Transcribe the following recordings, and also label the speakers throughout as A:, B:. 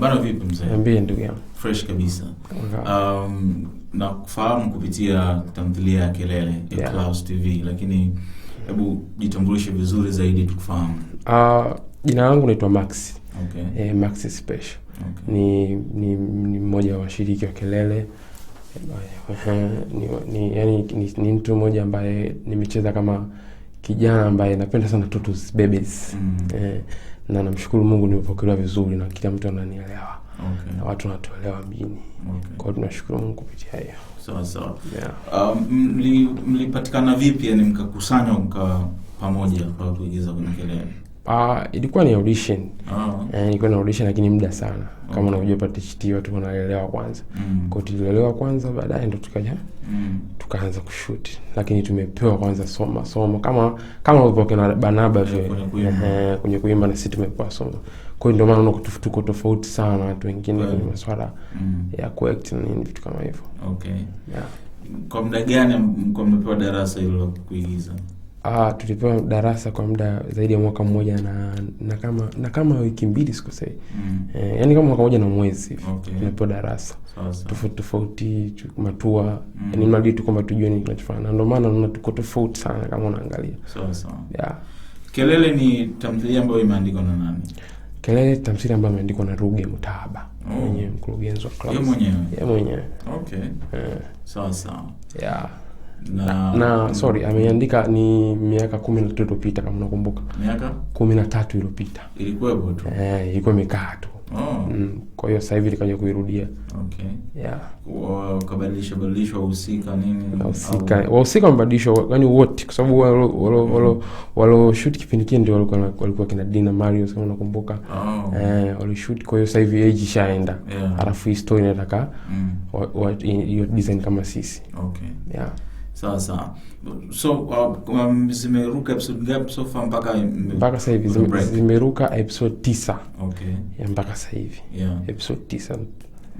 A: habari vipi mzee?
B: Niambie ndugu yangu.
A: Fresh kabisa. Um, na kufahamu kupitia tamthilia ya Kelele ya yeah, Clouds TV, lakini hebu jitambulishe vizuri zaidi tukufahamu. Uh,
B: jina langu naitwa Max. Okay. Eh, Max Special. Okay. Ni, ni ni mmoja wa washiriki wa Kelele. Eh, eh, ni, ni, yani, ni, ni mtu mmoja ambaye nimecheza kama kijana ambaye napenda sana totos babies mm. eh, na namshukuru Mungu nimepokelewa vizuri na kila mtu ananielewa okay. na watu wanatuelewa mjini okay. kwao tunashukuru Mungu kupitia hiyo
A: sawa sawa yeah. um, mlipatikana vipi yani mkakusanywa mka pamoja kwa kuigiza kwenye kelele
B: Ah, ilikuwa ni audition. Uh-huh. Eh, ilikuwa ni audition lakini muda sana. Kama okay. unajua okay. chiti watu wanalelewa kwanza. Mm. Kwa tulielewa kwanza baadaye ndo tukaja mm. tukaanza kushoot. Lakini tumepewa kwanza soma soma kama kama ulivyopokea na Banaba vile. yeah, Eh, kwenye kuimba na sisi tumepewa soma Kwa hiyo ndio maana unaona kutufutuko tofauti sana na watu wengine kwenye well. masuala mm. ya kuact na nini vitu kama hivyo. Okay. Yeah.
A: Kwa muda gani mko mmepewa darasa hilo la kuigiza?
B: Ah, tulipewa darasa kwa muda zaidi ya mwaka mmoja na, na kama na kama wiki mbili sikosei. Mm. Eh, yani kama mwaka mmoja na mwezi okay. Tulipewa darasa tofauti tofauti matua mm. Yani mradi tu kwamba tujue nini kinachofanya, na ndio maana naona tuko tofauti sana kama unaangalia. Sasa.
A: Yeah. Kelele ni tamthilia ambayo imeandikwa na nani?
B: Kelele tamthilia ambayo imeandikwa na Ruge Mutahaba oh. mwenyewe, oh.
A: Mkurugenzi wa klabu. Yeye mwenyewe. Yeye mwenyewe. Okay. Eh. Sawa sawa. Yeah
B: na, na sorry ameandika ni miaka kumi na tatu iliyopita kama nakumbuka, miaka kumi na tatu iliyopita
A: ilikuwepo tu
B: eh, ilikuwa imekaa tu oh. Mm, kwa hiyo sasa hivi nikaja kuirudia. Okay,
A: yeah, ukabadilisha badilisha wahusika nini,
B: wahusika wahusika wamebadilishwa, yani wote, kwa sababu walo walo walo walo shoot kipindi kile ndio walikuwa walikuwa kina Dina Mario kama nakumbuka oh. Eh, wali shoot, kwa hiyo sasa hivi age ishaenda yeah. Alafu hii story inataka mm. hiyo design kama sisi okay,
A: yeah Sawa sawa. So uh, um, zimeruka episode ngapi so mpaka
B: mpaka sasa hivi zimeruka episode 9. Okay. Mpaka sasa hivi. Yeah. Episode 9.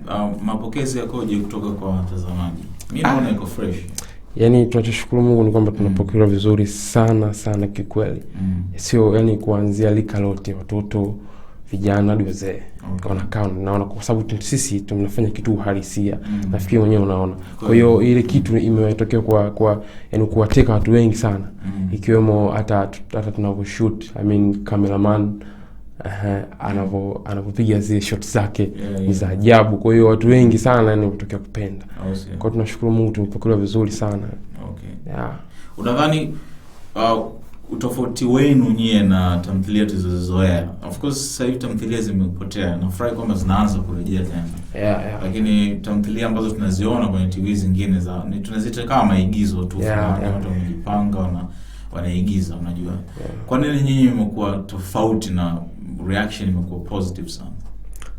A: Um, mapokezi yakoje kutoka kwa watazamaji? mi naona ah, iko fresh.
B: Yaani tunachoshukuru Mungu ni kwamba tunapokelewa mm. vizuri sana sana kikweli. Mm. Sio yani kuanzia lika lote watoto, vijana hadi okay. wanakaa naona, kwa sababu sisi tunafanya kitu uhalisia mm. nafikiri mwenyewe unaona. Kwa hiyo ile kitu imetokea kwa kwa yani kuwateka watu wengi sana mm. ikiwemo hata hata tunavyoshut I mean cameraman anavyo anavyopiga zile shot zake yeah, yeah. ni za ajabu. Kwa hiyo watu wengi sana yani wametokea kupenda. kwao tunashukuru Mungu tumepokelewa vizuri sana okay.
A: yeah. Unadhani uh, utofauti wenu nyie na tamthilia tulizozoea. Of course sasa hivi tamthilia zimepotea, nafurahi kwamba zinaanza kurejea tena yeah, yeah. Lakini tamthilia ambazo tunaziona kwenye TV zingine za tunazita kama maigizo tu yeah, yeah. Watu wamejipanga wana wanaigiza unajua yeah. Kwa nini nyinyi imekuwa tofauti na reaction imekuwa positive sana?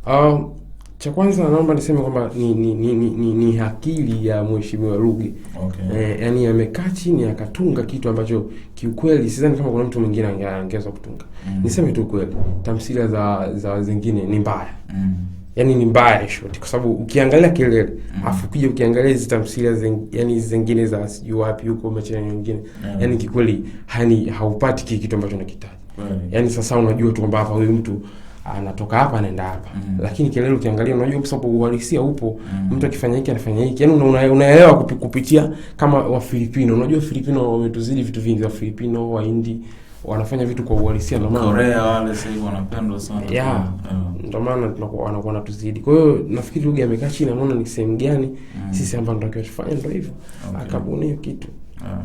B: Um, cha kwanza naomba niseme kwamba ni ni, ni, ni ni akili ya Mheshimiwa Ruge. Okay. Eh, yani amekaa chini akatunga kitu ambacho kiukweli sidhani kama kuna mtu mwingine angeweza kutunga. Mm. Niseme tu kweli, tamthilia za za zingine ni mbaya. Mm. Yaani ni mbaya shoti kwa sababu ukiangalia Kelele, mm. afu kija ukiangalia hizi tamthilia zing, yani zingine za sijui wapi huko umechana nyingine. Mm. Yaani kikweli hani haupati kitu ambacho unakitaji. Mm. Yaani sasa unajua tu kwamba hapa huyu mtu anatoka ah, hapa anaenda hapa mm. Lakini kelele ukiangalia, unajua kwa sababu uhalisia upo mm. Mtu akifanya hiki anafanya hiki, yaani unaelewa una, kupi, kupitia kama Wafilipino. Unajua Wafilipino wametuzidi vitu vingi, Wafilipino, Wahindi wanafanya vitu kwa uhalisia, ndio maana
A: Korea wale sasa hivi wanapendwa sana, yeah,
B: mm. ndio maana tunakuwa wanakuwa natuzidi. Kwa hiyo nafikiri lugha amekaa chini, anaona ni sehemu gani mm. sisi ambao tunatakiwa tufanye, ndio hivyo okay. Akabuni hiyo kitu yeah.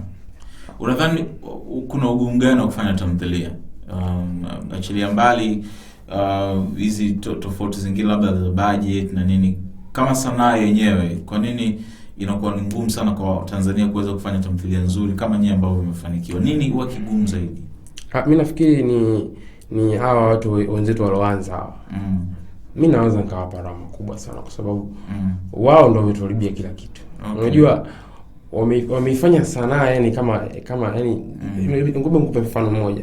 A: Unadhani kuna ugumu gani wa kufanya tamthilia um, achilia mbali Uh, hizi uh, tofauti zingine labda za budget na nini, kama sanaa yenyewe, kwa nini inakuwa ni ngumu sana kwa Tanzania kuweza kufanya tamthilia nzuri kama nyinyi ambavyo mmefanikiwa? Nini huwa kigumu zaidi?
B: Ah, mi nafikiri ni ni hawa watu wenzetu walioanza hawa mm. Mi naweza nikawapa rama kubwa sana kwa sababu mm. wao ndio wametuharibia kila kitu. Okay. Unajua wameifanya wame sanaa yani kama kama yani mm. ngoja nikupe mfano mmoja.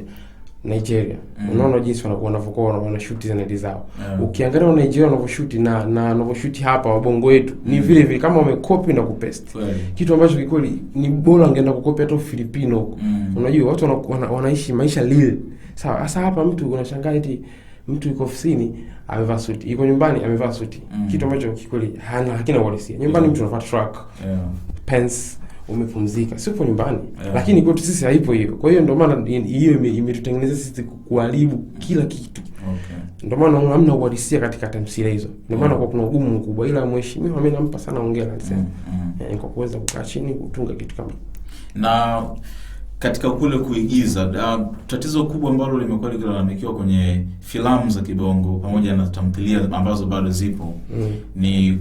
B: Nigeria. Mm. Unaona jinsi wanavyokuwa wana, wana shoot za zile zao. Mm. Ukiangalia wa Nigeria wanavyoshuti na na wanavyoshuti hapa wabongo wetu ni mm. vile vile kama wamecopy na kupesti. Mm. Kitu ambacho kikweli ni bora angeenda kukopi hata Filipino huko. Mm. Unajua watu wana, wana, wanaishi maisha lile. Sawa, hasa hapa mtu unashangaa eti mtu yuko ofisini amevaa suti, yuko nyumbani amevaa suti. Mm. Kitu ambacho kikweli hana hakina uhalisia. Nyumbani yeah. mtu anavaa truck. Yeah. Pants umepumzika, sipo nyumbani yeah. Lakini kwetu sisi haipo hiyo, kwa hiyo ndio maana hiyo imetutengeneza sisi kuharibu kila kitu okay. Ndio maana hamna uhalisia katika tamthilia hizo, ndio maana yeah. Mm. Kuna ugumu mkubwa, ila mheshimiwa mimi nampa sana hongera niseme mm -hmm. kwa kuweza kukaa chini kutunga kitu kama
A: na katika kule kuigiza uh, tatizo kubwa ambalo limekuwa likilalamikiwa kwenye filamu za kibongo pamoja na tamthilia ambazo bado zipo mm. ni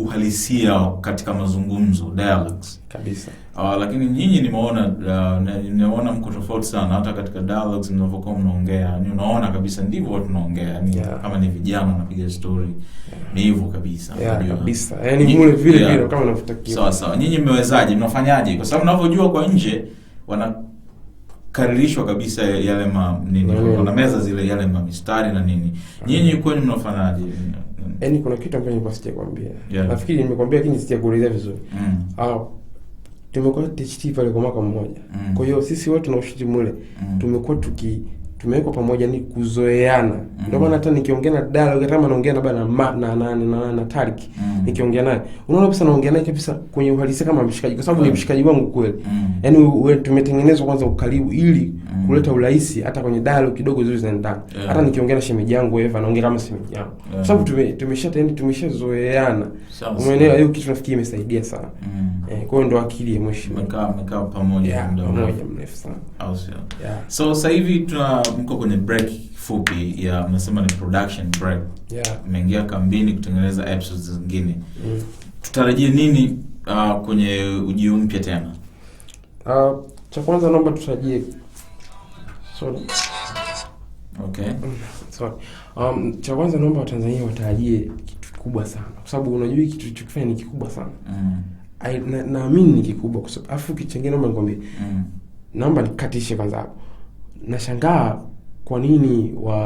A: uhalisia katika mazungumzo dialogues kabisa. Uh, lakini nyinyi nimeona uh, nimeona mko tofauti sana hata katika dialogues mnavyokuwa mnaongea, unaona kabisa ndivyo watu wanaongea yani yeah. Kama ni vijana wanapiga story yeah. Ni hivyo kabisa
B: yeah, Ndiyo. kabisa yani vile vile yeah. Kama unavyotakiwa
A: sawa sawa. Nyinyi mmewezaje, mnafanyaje? Kwa sababu mnavyojua kwa nje wana karirishwa kabisa yale ma nini, wana meza zile yale ma mistari na nini, nyinyi kwenu mnafanyaje?
B: Mm. Yaani kuna kitu ambacho nilikuwa sijakwambia. Yeah. Nafikiri nimekwambia lakini sijakuelezea vizuri. Mm. Ah, tumekuwa THT pale kwa mwaka mmoja. Mm. Kwa hiyo sisi wote tunaushiriki mule. Mm. Tumekuwa tuki tumewekwa pamoja ni kuzoeana. mm Ndio maana hata nikiongea na dada au kama naongea labda na ma, na na, na, na, na Tarik mm mm-hmm. nikiongea naye unaona kabisa naongea naye kabisa kwenye uhalisia kama mshikaji, kwa sababu ni mshikaji wangu kweli. mm -hmm. Yaani tumetengenezwa kwanza ukaribu ili mm kuleta urahisi hata kwenye dialogue kidogo zuri zinataka yeah. hata nikiongea na shemeji yangu Eva naongea kama shemeji yangu yeah. kwa sababu tumesha tume yaani tumeshazoeana, umeelewa? Hiyo kitu nafikiri imesaidia sana. mm Eh, kwa ndo akili ya emotional.
A: Mmekaa mmekaa pamoja yeah, muda mmoja mrefu sana. Au sio? Yeah. So sasa hivi tuna mko kwenye break fupi ya mnasema ni production break. Yeah. Mmeingia kambini kutengeneza episodes zingine. Mm. Tutarajie nini uh, kwenye ujio mpya tena?
B: Uh, cha kwanza naomba tutarajie sorry.
A: Okay. Sorry.
B: Um, cha kwanza naomba Watanzania watarajie kitu kikubwa sana kwa sababu unajua kitu tulichokifanya ni kikubwa sana. Mm naamini ni kikubwa kwa sababu afu kichengine naomba nikwambie mm. naomba nikatishe kwanza hapo nashangaa kwa nini wa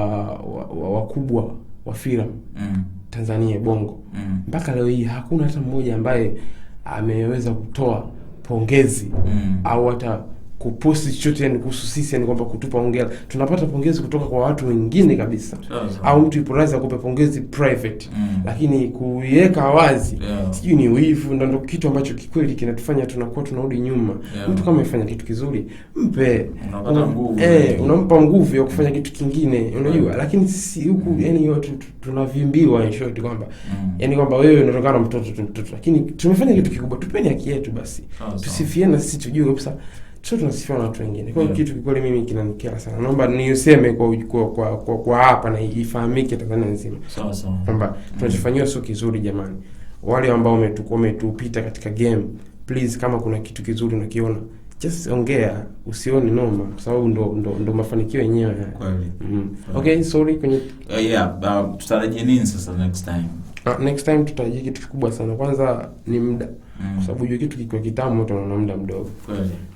B: wakubwa wa, wa, wa filamu mm. tanzania bongo mm. mpaka leo hii hakuna hata mmoja ambaye ameweza kutoa pongezi mm. au hata kuposti chochote yani kuhusu sisi, yani kwamba kutupa ongea, tunapata pongezi kutoka kwa watu wengine kabisa yeah, Au mtu ipo radhi akupe pongezi private mm. Lakini kuiweka wazi yeah. Sijui ni wivu, ndo ndo kitu ambacho kikweli kinatufanya tunakuwa tunarudi nyuma yeah. Mtu kama amefanya kitu kizuri mpe, unapata nguvu eh, unampa nguvu ya kufanya kitu kingine, unajua yeah. Lakini sisi huku mm. yani watu tunavimbiwa in short kwamba mm. yani kwamba wewe unatokana na mtoto mtoto, lakini tumefanya kitu kikubwa, tupeni haki yetu basi, tusifie na sisi, tujue kabisa sio tunasifia na watu wengine. Kwa yeah. Mm. kitu kikweli mimi kinanikera sana, naomba niuseme kwa, kwa, kwa, kwa, kwa hapa na ifahamike Tanzania nzima sawa sawa kwamba tunachofanyiwa sio kizuri jamani. Wale ambao wametupita katika game, please, kama kuna kitu kizuri unakiona just ongea, usioni noma, kwa sababu ndo ndo, ndo mafanikio yenyewe kweli. mm. Okay, sorry kwenye
A: uh, yeah uh, tutarajie nini sasa next time?
B: Uh, next time tutarajie kitu kikubwa sana. Kwanza ni muda Mm. kwa sababu hiyo kitu kikiwa kitamu watu wanaona muda mdogo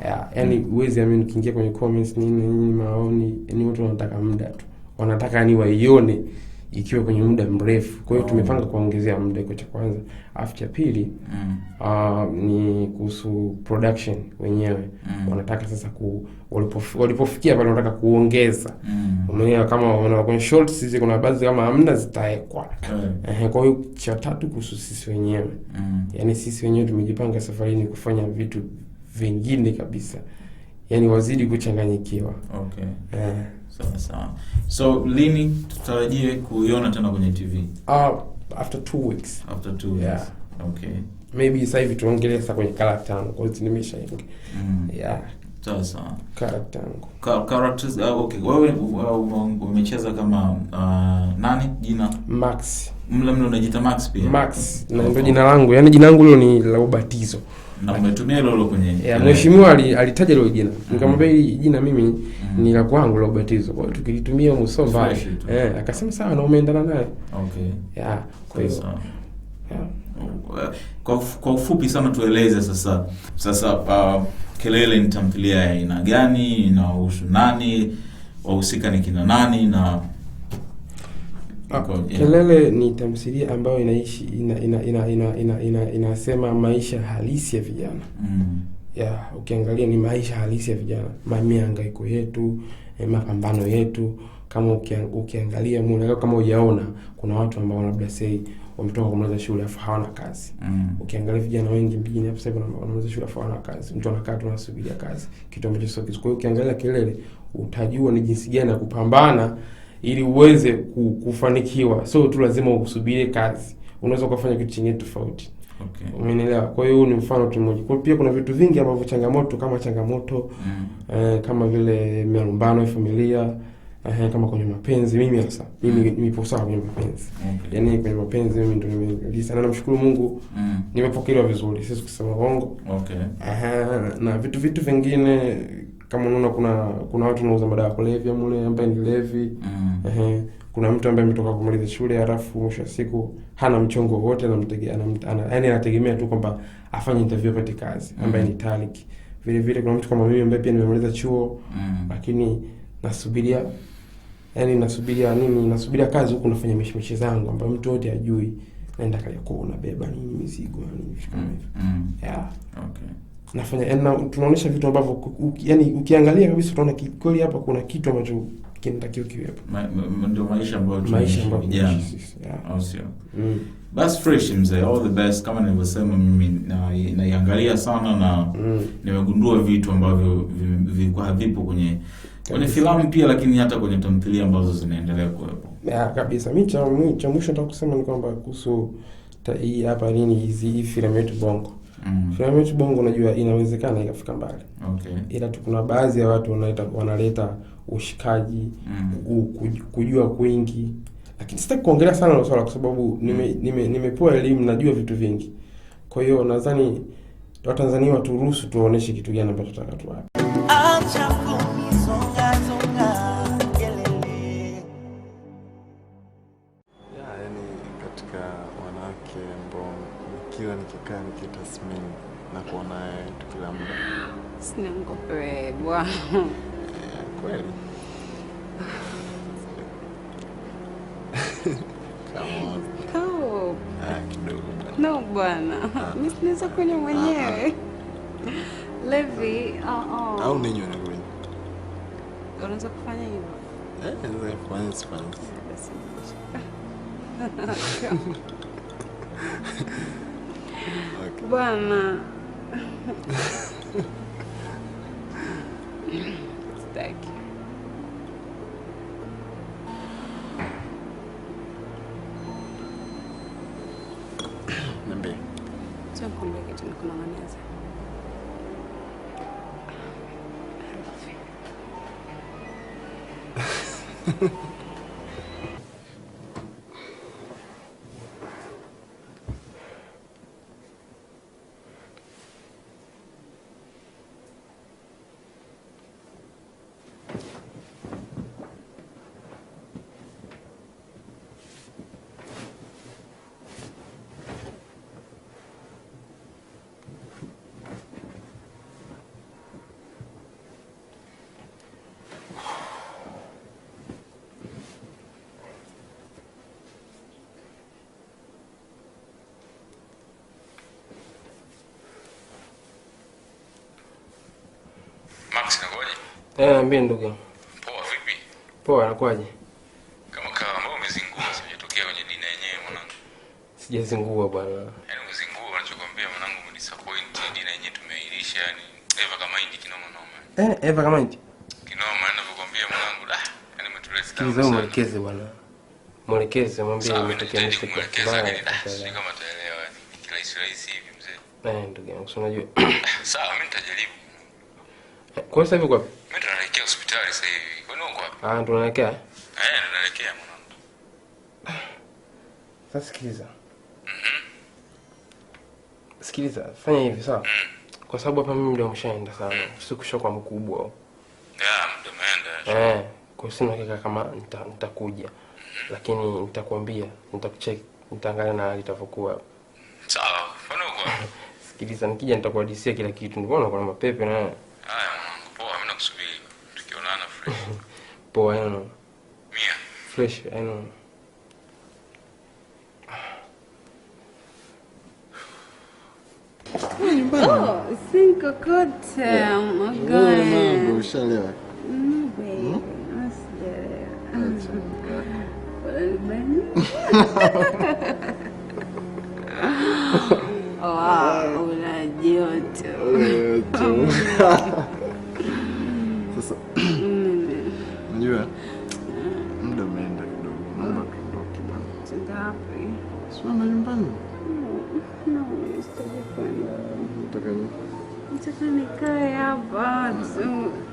B: yeah, yani mm. uwezi amini ukiingia kwenye comments nini nini maoni ni watu wanataka muda tu wanataka yani waione ikiwa kwenye muda mrefu. Kwa hiyo oh, tumepanga kuongezea muda, iko cha kwanza. Alafu cha pili mm. uh, ni kuhusu production wenyewe mm. wanataka sasa ku, walipof, walipofikia pale wanataka kuongeza mm. unaona kama wana kwenye shorts hizi kuna baadhi kama hamna zitawekwa mm. Eh. kwa hiyo cha tatu kuhusu sisi wenyewe mm. yani sisi wenyewe tumejipanga safari ni kufanya vitu vingine kabisa, yani wazidi kuchanganyikiwa okay. Eh.
A: Sawa sawa. So lini tutarajie kuiona tena kwenye TV? Uh, ah,
B: after two weeks.
A: After two weeks. Yeah. Okay.
B: Maybe sasa hivi tuongelee sasa kwenye character yangu kwa sababu nimeshaingia. Mm.
A: Yeah. Sawa sawa. Character yangu. Ka characters uh, okay. Wewe umecheza kama uh, nani jina?
B: Max.
A: Mle unajiita Max pia?
B: Max. Na ndio jina langu. Yaani jina langu hilo ni la ubatizo
A: na umetumia hilo hilo kwenye
B: yeah, mheshimiwa alitaja hilo jina mm-hmm. nikamwambia, hili jina mimi mm -hmm. ni la kwangu la ubatizo, kwa hiyo tukilitumia Musomba eh. Akasema sawa, na umeendana naye okay, yeah. Kwa hiyo
A: Kwa, kwa ufupi sana tueleze sasa sasa, uh, Kelele ni tamthilia ya aina gani, inahusu nani, wahusika ni kina nani na
B: Ah, kelele ni tamthilia ambayo inaishi inasema ina ina ina ina ina ina maisha halisi ya vijana. Mm. Ya ukiangalia ni maisha halisi ya vijana, mihangaiko yetu, eh, mapambano yetu kama ukiangalia muonekano kama ujaona kuna watu ambao labda sei wametoka kumaliza shule afu hawana kazi. Mm. Ukiangalia vijana wengi mjini hapo sasa wanamaliza shule afu hawana kazi. Mtu anakaa tu anasubiria kazi. Kitu ambacho sio kizuri. Kwa hiyo ukiangalia Kelele utajua ni jinsi gani ya kupambana ili uweze kufanikiwa, sio tu lazima usubiri kazi, unaweza ukafanya kitu chenye tofauti. Okay. Umenielewa? Kwa hiyo huu ni mfano tu mmoja. Kwa pia kuna vitu vingi ambavyo changamoto kama changamoto mm. eh, kama vile malumbano ya familia eh, kama kwenye mapenzi mimi hasa mimi mm. nipo sawa kwenye mapenzi. Okay. Yaani kwenye mapenzi mimi ndio nimeji sana namshukuru Mungu mm. nimepokelewa vizuri, sisi kusema uongo. Okay. Aha, na vitu vitu vingine kama unaona kuna kuna watu wanauza madawa kulevya mule ambaye ni levi mm. eh, kuna mtu ambaye ametoka kumaliza shule halafu mwisho wa siku hana mchongo wote, yaani anategemea tu kwamba afanye interview apate kazi mm. ambaye mm. ni taliki vile vile. Kuna mtu kama mimi ambaye pia nimemaliza chuo mm. lakini nasubiria yaani nasubiria nini, nasubiria kazi huku nafanya mishimishi zangu ambayo mtu wote ajui, naenda Kariakoo nabeba nini mizigo nini vitu mm. hivyo. Mm. yeah. okay nafanya yaani na tunaonyesha vitu ambavyo u, yani ukiangalia kabisa utaona kweli hapa kuna kitu ambacho kinatakiwa kiwepo.
A: Ndio maisha ambayo
B: maisha ambayo vijana au
A: sio? Mm. Bas fresh mzee, all the best. Kama nilivyosema mimi naiangalia na sana na mm. nimegundua vitu ambavyo vilikuwa havipo kwenye kwenye filamu pia, lakini hata kwenye tamthilia ambazo zinaendelea kuwepo
B: ya kabisa. Mi cha mwisho nataka kusema ni kwamba kuhusu hii hapa nini hizi filamu yetu Bongo mm mm. filamu yetu Bongo unajua inawezekana ikafika mbali okay. Ila tu kuna baadhi ya watu wanaleta, wanaleta ushikaji mm. kujua kwingi, lakini sitaki kuongelea sana na swala kwa sababu nime, mm. nime, nimepewa elimu, najua vitu vingi, kwa hiyo nadhani Watanzania waturuhusu tuwaoneshe kitu gani ambacho tunataka tuwape. nimekaa nikitasmini na kuona kila muda.
C: Usiniongope eh, ah, bwana. Kweli no bwana, mimi ah. sinaweza kunywa ah, mwenyewe levi.
B: Au ninywe na kunywa,
C: unaweza kufanya hivyo?
B: Naweza kufanya, sifanyi
C: Okay. Buona. Thank you. Nambi. Sio kwambia kitu nikunong'oneza. I love you.
D: Max nakoje?
B: Eh, niambie ndugu. Poa vipi? Poa, nakwaje?
D: Kama kawa mbona umezingua sijatokea kwenye dina yenyewe mwanangu.
B: Sijazingua bwana.
D: Yaani umezingua unachokwambia mwanangu umedisappoint dina yenyewe tumeilisha yani Eva kama hindi kinoma noma.
B: Eh, Eva kama hindi.
D: Kinoma na yaani ninavyokuambia mwanangu da. Yaani umetuleta.
B: Kizo mwelekeze bwana. Mwelekeze mwambie
D: umetokea nini. siku. lakini da. Sio kama taelewa. Yaani, kirahisi rahisi hivi mzee.
B: Eh, ndugu yangu, unajua.
D: Sawa, mimi nitajaribu.
B: Kwa sasa hivi kwa wapi?
D: Mimi ndo naelekea hospitali sasa hivi. Kwa nini uko wapi?
B: Ah, ndo naelekea. Eh,
D: ndo naelekea mwanangu.
B: Sasa sikiliza. Mhm. Sikiliza, fanya hivi sawa? Mm. Kwa sababu hapa mimi ndio mshaenda sana. Mm. Sikusha kwa mkubwa.
D: Yeah, ndio maenda.
B: Eh, kwa sina hakika kama nitakuja. Nita mm. lakini nitakwambia, nitakucheck, nitaangalia na hali itavyokuwa.
D: Sawa.
B: Sikiliza, nikija nitakuhadisia kila kitu. Ndio maana kuna mapepe na Boy, I don't know. Mia. Flesh, I don't know.
C: Oh, cinco kote. Yeah. Oh my god. No, no, no, ushalewa. No way. Hmm? Wow, unajoto. Unajoto. It's é a funny guy, I